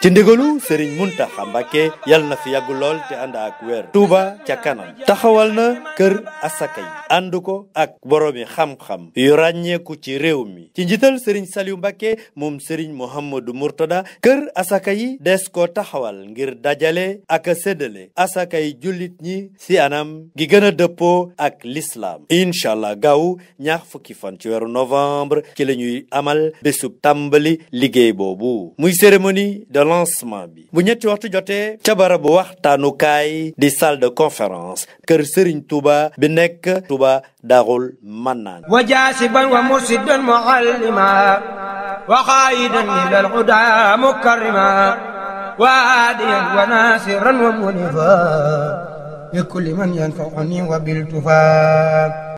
ci ndigalu Serigne Mountakha Mbacké yàlla na fi yàgg lool te ànd ak weer Touba ca kanam taxawal na kër asaka yi ànd ko ak boroomi xam-xam yu ràññeeku ci réew mi ci njiital sëriñ Saliou Mbacke moom sëriñ Mouhamadou Mourtada kër asaka yi des ko taxawal ngir dajale ak a séddale yi jullit ñi si anam gi gën a dëppoo ak lislaam incha allah gaaw ñaar fukki fan ci weeru novembre ci la ñuy amal bésub tàmbali liggéey boobu muy cérémonie de lancement bi bu ñetti waxtu jotee ca barabu waxtaanukaay di salle de conférence kër sëriñ Touba bi nekk tuuba darul mannaan wa jaasiban wa mursiddan muallima wa xaayidan ilal hudaa mukarrima wa aadiyan wa naasiran wa munifa li kulli man yanfauni wa bil tufaa